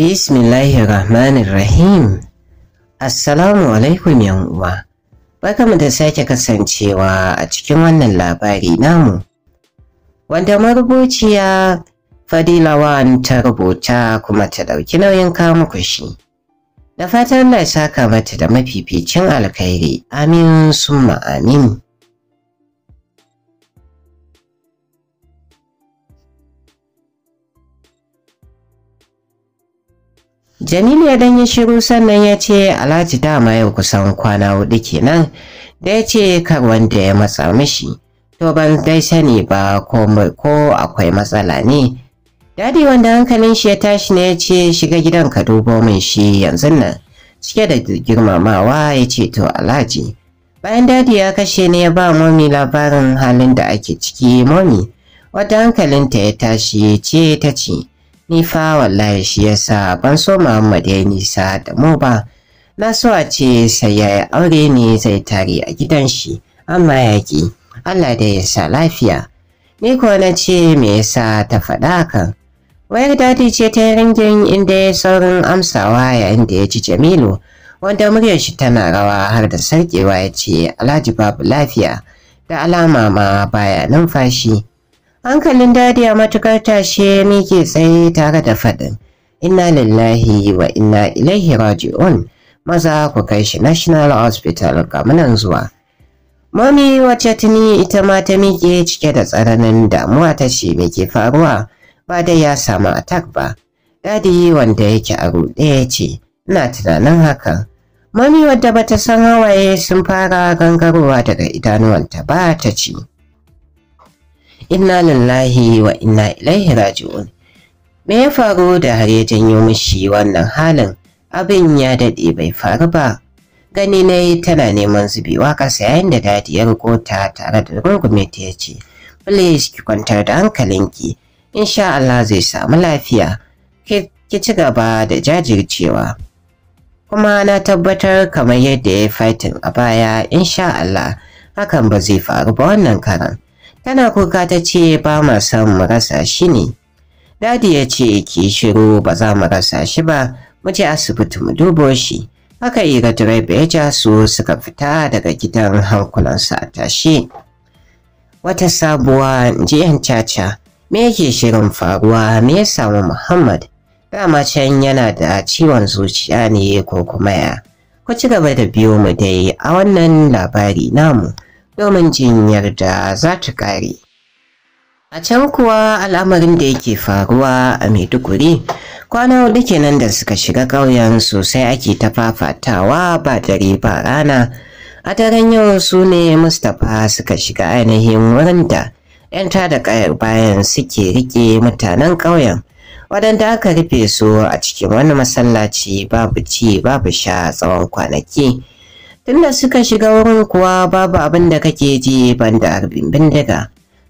Bismillahirrahmanirrahim. Assalamu alaikum uwa. Barkamu da sake kasancewa a cikin wannan labari namu. Wanda marubuciya Fadilawan ta rubuta kuma ta ɗauki nauyin kawo shi. Da fatan Allah ya saka mata da mafificin alkhairi. Amin summa amin. Jamilu ya dan yi shiru sannan ya ce Alhaji dama yau kusan kwana hudu kenan da ya ce kar wanda ya matsa mishi to ban dai sani ba ko akwai matsala ne. Dadi wanda hankalin shi ya tashi ne ya ce shiga gidan ka dubo min shi yanzu nan cike da girmamawa ya ce to Alhaji. Bayan dadi ya kashe ne ya ba momi labarin halin da ake ciki momi wadda hankalinta ya tashi ce ta ce ni fa wallahi shi yasa ban so Muhammad ya nisa da mu ba na so a ce sai ya aure ni zai tari a gidan shi amma ya Allah da ya sa lafiya ni ko na ce me yasa ta faɗa kan wayar dadi ce ta ringin inda ya saurin amsawa yayin da ya ci Jamilu wanda muryar shi tana rawa har da sarkewa ya ce Alhaji babu lafiya da alama ma baya numfashi Hankalin dadi a matukar tashe mike tsaye tare da faɗin. Inna lillahi wa inna ilaihi raji'un. Maza ku kai shi National Hospital kamunan zuwa. Mami wacce tuni ita ma ta miƙe cike da tsananin damuwa ta ce me ke faruwa ba dai ya samu attack ba. Dadi wanda yake a ruɗe ya ce, ina tunanin hakan. Mami wadda bata san hawaye sun fara gangarowa daga idanuwanta ba ta ce. inna lillahi wa inna ilaihi raji'un me ya faru da har ya janyo mishi wannan halin abin ya daɗe bai faru ba gani ne tana neman zubewa ƙasa yayin da dadi ya riko ta tare da rungume ta ya ce please ki kwantar da hankalinki insha Allah zai samu lafiya ki ci gaba da jajircewa kuma na tabbatar kamar yadda ya fighting a baya insha Allah hakan ba zai faru ba wannan karan Tana kuka ta ce ba ma san mu rasa shi ne. Dadi ya ce ki shiru ba za mu rasa shi ba, mu je asibiti mu dubo shi. Haka Ira direba ya ja su suka fita daga gidan hankulan sa tashi. Wata sabuwa jiyan caca, me yake shirin faruwa me ya samu Muhammad? Dama can yana da ciwon zuciya ne ko kuma ya. Ku ci gaba da biyo mu dai a wannan labari namu. domin jinyar da za ta ƙare. A can kuwa al'amarin da yake faruwa a Maiduguri, kwana hudu kenan da suka shiga ƙauyen sosai ake ta fafatawa ba dare ba rana. A daren yau su ne Mustapha suka shiga ainihin wurin da 'yan da ƙayar bayan suke riƙe mutanen ƙauyen, waɗanda aka rufe su a cikin wani masallaci babu ci babu sha tsawon kwanaki. Tunda suka shiga wurin kuwa babu abin da kake ji banda bindiga.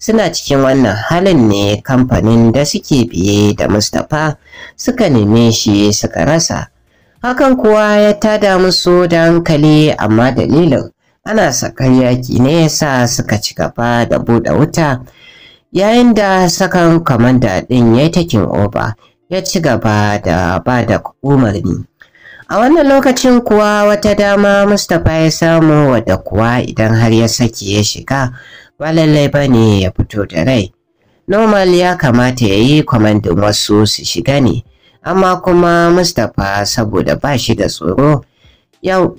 Suna cikin wannan halin ne kamfanin da suke biye da Mustapha suka neme shi suka rasa. Hakan kuwa ya tada musu da hankali amma dalilin ana sakan yaki ne yasa suka ci gaba da buɗe wuta yayin da sakan kamanda ɗin ya yi takin oba ya ci gaba da ba da umarni. A wannan lokacin kuwa wata dama Mustapha ya samu wadda kuwa idan har ya saki ya shiga ba lallai ba ne ya fito da rai. Normal ya kamata ya yi kwamandin wasu su shiga ne, amma kuma Mustapha saboda ba shi da tsoro yau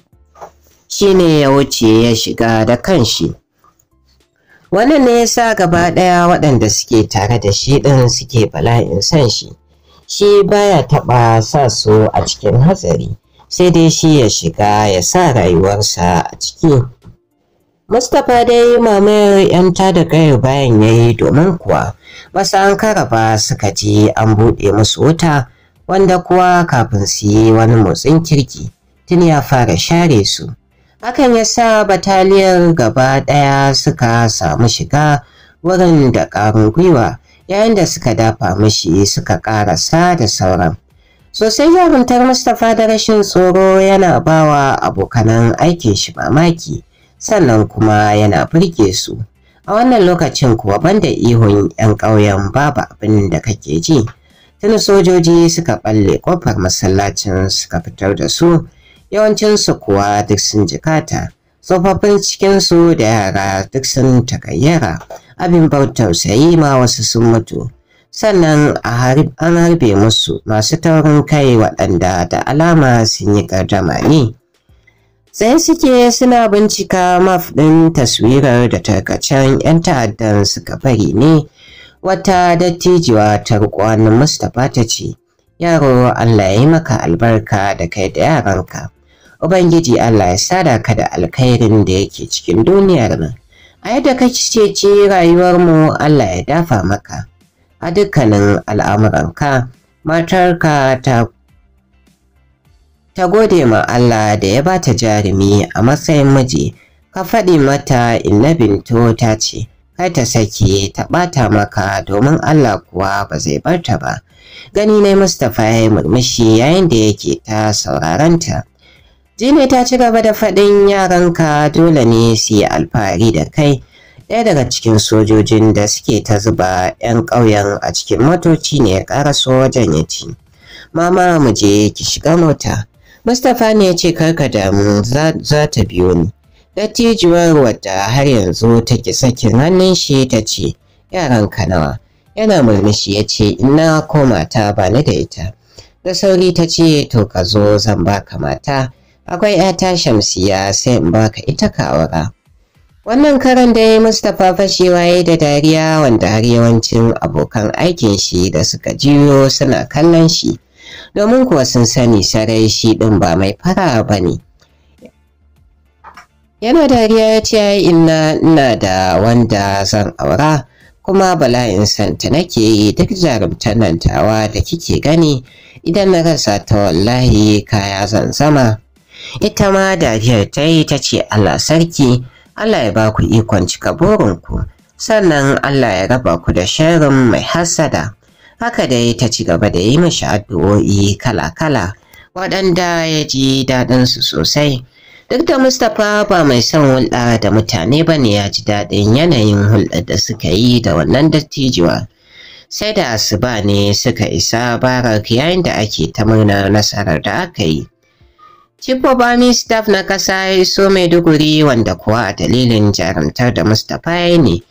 shi ne ya wuce ya shiga da kanshi. Wannan ne ya sa gaba ɗaya waɗanda suke tare da shi ɗin suke bala'in san shi, shi baya taɓa sa su a cikin hatsari. sai dai shi ya shiga ya sa rayuwarsa a ciki. Mustapha dai mamayar 'yan da kai bayan ya yi domin kuwa masu an karaba suka ji an buɗe musu wuta wanda kuwa kafin su yi wani motsin kirki tun ya fara share su. Hakan ya sa bataliyar gaba ɗaya suka samu shiga wurin da ƙarin gwiwa yayin da suka dafa mashi suka ƙarasa da sauran. Sosai jarumtar Mustapha da rashin tsoro yana bawa abokanan aikin shi mamaki, sannan kuma yana burge su. A wannan lokacin kuwa banda ihun 'yan ƙauyen babu abin da kake ji. tun sojoji suka ɓalle ƙofar masallacin suka fitar da su, yawancinsu kuwa duk sun jikata. Tsofaffin cikinsu da yara duk sun takayyara, abin bautar ma wasu sun mutu. sannan an harbe musu masu taurin kai waɗanda da alama sun yi ƙardama ne. Sai suke suna bincika maf ɗin taswirar da tarkacen 'yan ta'addan suka bari ne wata dattijuwa ta rukwani Mustapha ta ce, Yaro Allah ya yi maka albarka da kai da yaranka, Ubangiji Allah ya sada ka da alkhairin da yake cikin duniyar nan. A yadda kake ce rayuwarmu Allah ya dafa maka. a dukkanin al'amuranka matarka ta ta gode ma Allah da ya ba ta jarumi a matsayin miji ka faɗi mata inna binto ta ce kai ta sake ta ɓata maka domin Allah kuwa ba zai barta ba gani ne Mustapha ya yi murmushi yayin da yake ta sauraranta. Jini ta ci gaba da faɗin yaranka dole ne su yi alfahari da kai ɗaya daga cikin sojojin da suke ta zuba 'yan ƙauyen a cikin motoci ne ya ƙara wajen ya ci mama mu je ki shiga mota mustapha ne ya ce karka damu za ta biyo ni dattijuwar wadda har yanzu ta take sakin hannun shi ta ce yaran ka nawa? yana murmushi ya ce ina ko mata ba ni da ita da sauri ta ce to ka zo zan ba ka mata akwai 'yata shamsiya sai in baka ita ka Wannan karan dai Mustapha fashewa ya da dariya wanda har yawancin abokan aikin shi da suka jiyo suna kallon shi domin kuwa sun sani sarai shi ɗin ba mai fara ba ne. Yana dariya ya ce yi ina da wanda zan aura kuma bala'in santa nake yi duk jarumtar nan da kike gani idan na rasa ta wallahi kaya zan zama. Ita ma dariyar ta yi ta ce Allah sarki Allah ya ba ku ikon cika burinku, sannan Allah ya raba ku da shirin mai hassada. Haka dai ta ci gaba da yi mashi addu'o'i kala-kala, waɗanda ya ji daɗinsu sosai. Duk da Mustapha ba mai son hulɗa da mutane ba ne ya ji daɗin yanayin hulɗar da suka yi da wannan dattijuwa. Sai da asuba ne suka isa barak yayin da ake ta murnar nasarar da aka yi. Chief bami Staff na ƙasa ya iso Maiduguri wanda kuwa a dalilin jarumtar da Mustapha ne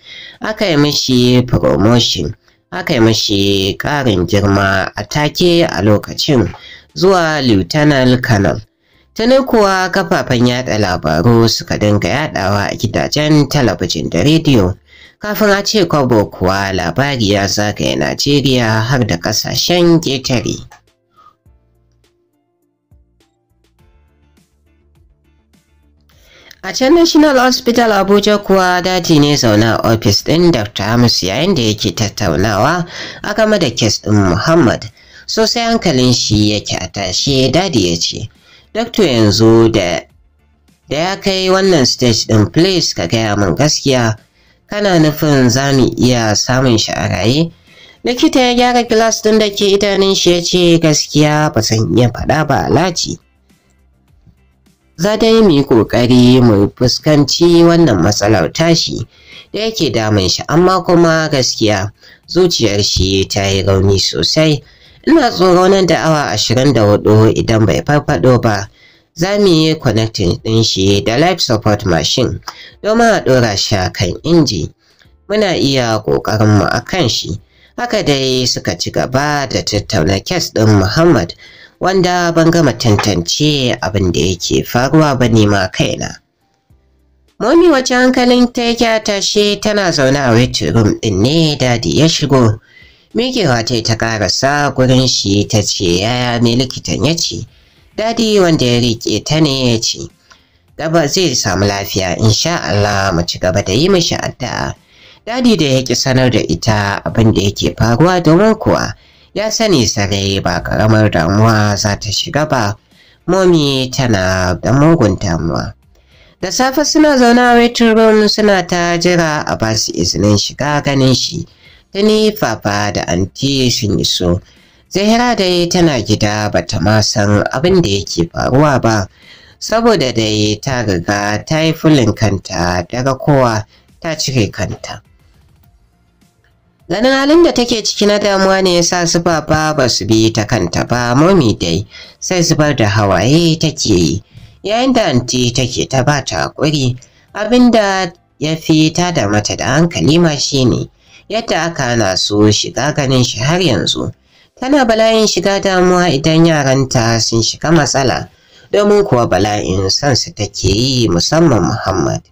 aka yi mishi promotion, aka yi mishi ƙarin girma a take a lokacin zuwa Lieutenant Colonel. Tuni kuwa kafafen yada labaru suka dinga yadawa a gidajen talabijin da rediyo. Kafin a ce kwabo kuwa labari ya zagaye Najeriya har da ƙasashen ƙetare. A can National Hospital Abuja kuwa daji ne zauna ofis ɗin Dr. Hamis yayin da yake tattaunawa a game da kes ɗin Muhammad. Sosai hankalin shi yake a tashe dadi ya ce, Dokto yanzu da ya kai wannan stage ɗin place ka gaya min gaskiya kana nufin za mu iya samun shi a raye? Likita ya gyara gilas din da ke idanun shi ya ce gaskiya ba san iya faɗa ba alaji. za ta yi mai ƙoƙari mu fuskanci wannan matsalar tashi da yake damun shi amma kuma gaskiya zuciyar shi ta yi rauni sosai ina tsoro nan da awa ashirin da hudu idan bai farfado ba za mu yi connecting ɗin shi da life support machine domin a ɗora shi kan inji muna iya ƙoƙarinmu a kan shi haka dai suka ci gaba da tattauna kes ɗin muhammad wanda ban gama tantance abin da yake faruwa ba ne ma kaina. Mami wacce hankalin ta yake tashe tana zaune a waiting room ɗin ne dadi ya shigo. Mikewa ta ta karasa gurin shi ta ce yaya ne likitan ya ce, dadi wanda ya rike ta ne ya ce, gaba zai samu lafiya insha Allah mu ci gaba da yi mishi addu'a. Dadi da ya sanar da ita abin da yake faruwa domin kuwa ya sani sarai ba karamar damuwa za ta shiga ba momi tana da mugun damuwa da safe suna zauna a waiting room suna ta jira a ba su izinin shiga ganin shi tuni papa da anti sun iso zahira dai tana gida ba ta ma san abin da yake faruwa ba saboda dai ta riga ta yi fulin kanta daga kowa ta cire kanta Ganin halin da take ciki na damuwa ne yasa su baba ba su bi ta kanta ba momi dai sai zubar da hawaye take yi yayin da anti take ta ba ta hakuri abinda ya fi ta da mata da hankali ma shine yadda aka na so shiga ganin shi har yanzu tana bala'in shiga damuwa idan yaranta sun shiga matsala domin kuwa bala'in su take yi musamman Muhammad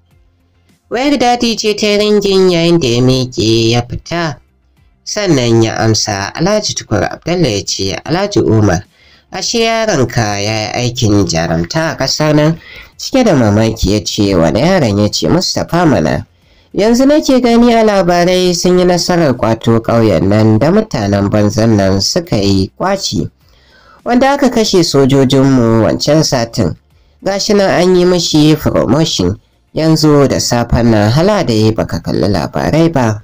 wayar dadi ce ta ringin yayin da ya miƙe ya fita sannan ya amsa alhaji tukur Abdullahi ya ce alhaji umar ashe yaronka ya yi aikin jarumta a ƙasar nan cike da mamaki ya ce wani yaron ya ce mustapha mana yanzu nake gani a labarai sun yi nasarar kwato ƙauyen nan da mutanen banzan nan suka yi kwaci wanda aka kashe sojojinmu wancan satin gashi nan an yi mishi promotion yanzu da safen nan hala da yi baka kalli labarai ba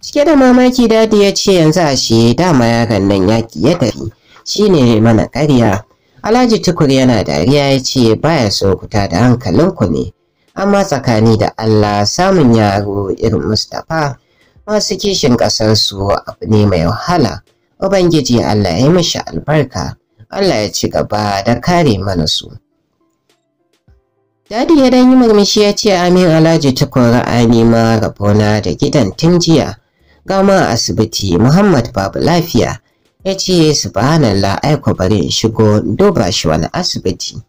cike da mamaki dadi ya ce yanzu a shi dama yaron nan yaki ya tafi shine mana karya alhaji tukur yana dariya ya ce baya so kuta da hankalinku ne amma tsakani da allah samun yaro irin mustapha masu kishin ƙasarsu abu ne mai wahala ubangiji allah ya mishi albarka allah ya ci gaba da kare mana su Dadi ya dan yi murmushi ya ce Amin Alhaji tukwara a nema rabona da gidan tun jiya. Gama asibiti Muhammad babu lafiya. Ya ce subhanallah aiko bari in shigo duba shi wani asibiti.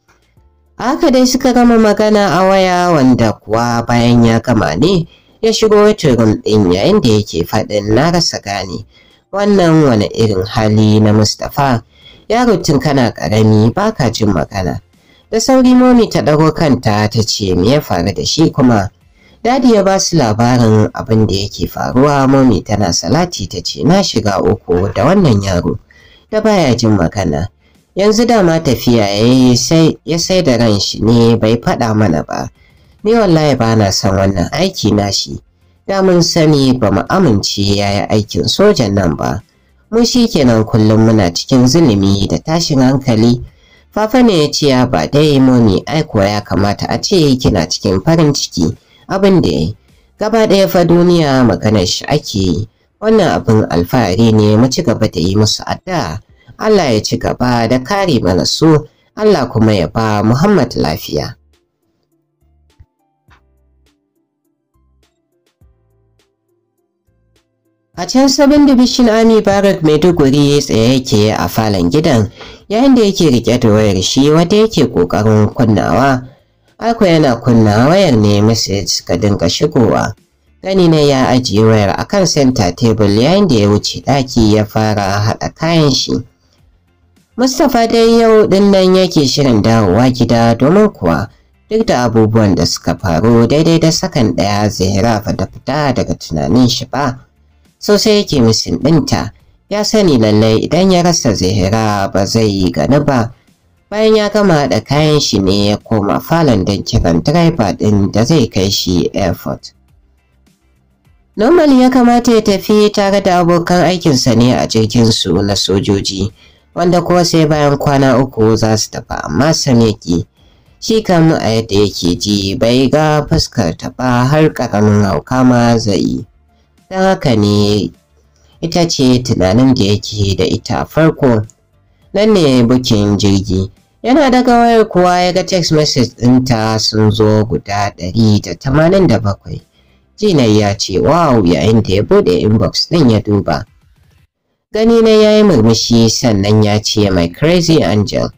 Haka dai suka gama magana a waya wanda kuwa bayan ya gama ne ya shigo wuturin ɗin yayin da yake faɗin na rasa gane. Wannan wani irin hali na Mustapha. Yaro tun kana ƙarami baka jin magana. Da sauri momi ta ɗago kanta ta ce me ya faru da shi kuma. Dadi ya ba su labarin abin da yake faruwa momi tana salati ta ce na shiga uku da wannan yaro da baya jin magana. Yanzu da ma tafiya ya sai da ran shi ne bai faɗa mana ba. Ni wallahi ba na son wannan aiki na shi. Da mun sani ba mu amince ya yi aikin sojan nan ba. Mu shi kenan kullum muna cikin zulumi da tashin hankali. Fafa ne ya ce ya ba dai mami ai ya kamata a ce kina cikin farin ciki abin da ya yi. Gaba ɗaya fa duniya maganar shi ake yi. Wannan abin alfahari ne mu ci gaba da yi musu addu'a. Allah ya ci gaba da kare mana su, Allah kuma ya ba Muhammad lafiya. A can sabon dubishin Ami Barak Maiduguri ya tsaye yake a falon gidan yayin da yake rike da wayar shi wata yake kokarin kunnawa. Ako yana kunna wayar ne message suka dinga shigowa. Gani ne ya ajiye wayar a kan center table yayin da ya wuce ɗaki ya fara haɗa kayan shi. Mustapha dai yau ɗin nan yake shirin dawowa gida domin kuwa duk da abubuwan da suka faru daidai da sakan ɗaya Zahra ba da fita daga tunanin shi ba. sosai yake misin ɗinta ya sani lallai idan ya rasa zahira ba zai yi gani ba bayan ya gama da kayan shi ne ya koma falon don kiran direba ɗin da zai kai shi airport normal ya kamata ya tafi tare da abokan aikinsa ne a su na sojoji wanda kuwa sai bayan kwana uku za su tafi amma sam shi kam a yadda yake ji bai ga fuskar ta ba har ƙaramin hauka ma zai yi don haka ne ita ce tunanin da yake da ita farko nan ne bukin jirgi yana daga wayar kuwa ya ga text message ɗinta sun zo guda 187 jinai ya ce wow yayin da ya bude inbox ɗin ya duba gani na ya yi murmushi sannan ya ce my crazy angel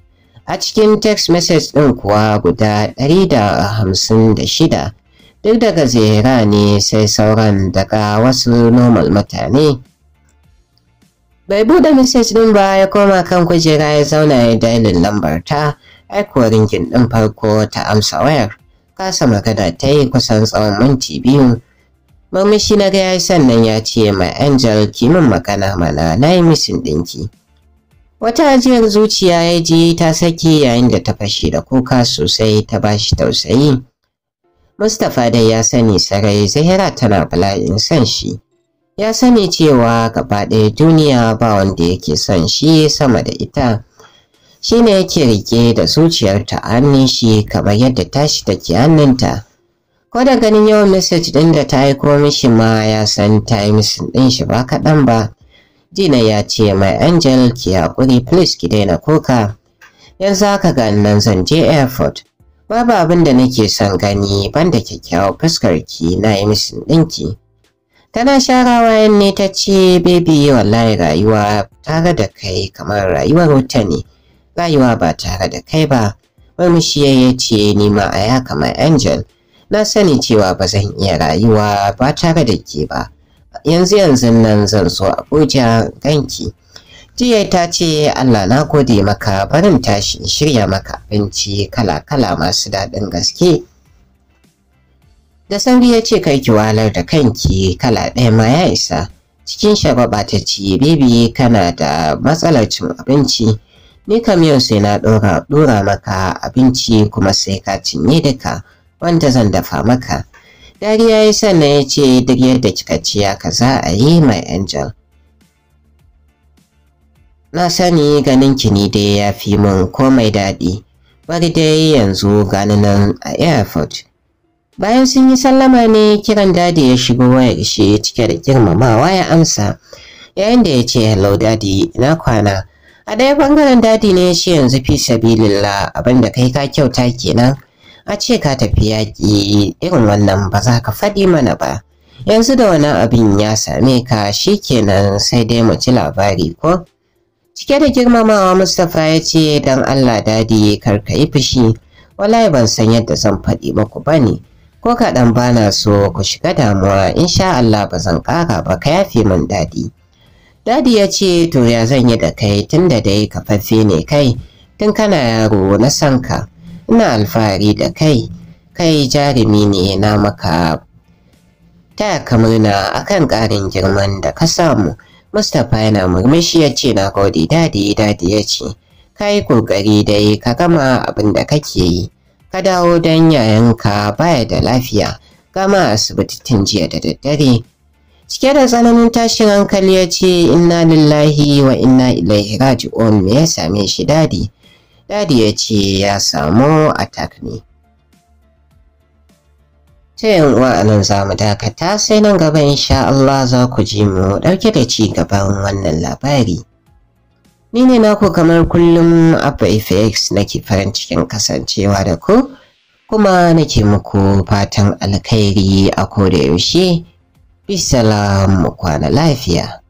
a cikin text message ɗin kuwa guda 156 duk da gajera ne sai sauran daga wasu normal mutane bai buɗe message ɗin ba ya koma kan kujera ya zauna ya dailin lambar ta aiko rinkin ɗin farko ta amsa wayar kasa magana ta yi kusan tsawon minti biyu murmushi na gaya sannan ya ce ma angel ki magana mana na yi misin ɗinki wata ajiyar zuciya ya ji ta saki yayin da ta fashe da kuka sosai ta bashi tausayi Mustapha dai ya sani sarai Zahira tana bala'in son shi. Ya sani cewa gaba ɗaya duniya ba wanda yake son shi sama da ita. Shi ne yake rike da zuciyar a hannun shi kamar yadda tashi take hannunta. Ko da ganin yawan message ɗin da ta yi ko mishi ma ya san ta yi ɗin shi ba kaɗan ba. Dina ya ce mai Angel ki haƙuri please ki daina kuka. Yanzu haka ga nan zan je airport. babu abin da nake son gani banda kyakkyawar fuskar ki na yi musu ɗinki. Tana sharawa yan ne ta ce baby wallahi rayuwa tare da kai kamar rayuwar wuta ne, rayuwa ba tare da kai ba. Murmushi ya ce ni ma a ya kamar Angel, na sani cewa ba zan iya rayuwa ba tare da ke ba. Yanzu yanzu nan zan so Abuja ganki. Jiya ta ce Allah na gode maka barin tashi in shirya maka abinci kala-kala masu daɗin gaske. Da sauri ya ce kai ki walar da kanki kala ɗaya ma ya isa. Cikin shagwaba ta ce bebi kana da matsalar cin abinci. Ni kam yau sai na ɗora maka abinci kuma sai ka cinye duka wanda zan dafa maka. Dariya ya sannan ya ce duk yadda kika ciya ka za a yi mai angel. Na sani ganin kini da ya fi mun komai daɗi, bari dai yanzu gani nan a airport. Bayan sun yi sallama ne kiran dadi ya shigo wayar shi cike da girmamawa ya amsa, yayin da ya ce hello dadi na kwana. A ɗaya ɓangaren dadi ne ya ce yanzu fi sabilillah abinda kai ka kyauta kenan. A ce ka tafi yaƙi irin wannan ba za ka faɗi mana ba. Yanzu da wani abin ya same ka shikenan sai dai mu ci labari ko? Cike da girmamawa Mustapha ya ce don Allah dadi karka yi fushi, wallahi ban san yadda zan faɗi maku bane ko kaɗan bana so ku shiga damuwa insha Allah ba zan ƙara ba ka yafe min dadi. Dadi ya ce to ya zan yi da kai tun da dai kafaffe ne kai, tun kana yaro na san ka, ina alfahari da kai, kai jarumi ne na maka taya ka murna akan ƙarin girman da ka samu Mustapha yana murmushi ya ce na gode dadi dadi ya ce ka yi ƙoƙari dai ka gama abin da kake yi ka dawo don yayanka baya da lafiya gama asibiti asibitin jiya da daddare cike da tsananin tashin hankali ya ce inna lillahi wa inna ilaihi raji'un me ya same shi dadi dadi ya ce ya samu attack ne Ta uwa a nan za mu dakata sai nan gaba insha Allah za ku ji mu ɗauke da ci gaban wannan labari. Ni ne naku kamar kullum Abba FX nake farin cikin kasancewa da ku kuma nake muku fatan alkhairi a koda yaushe. Bisalam kwana lafiya.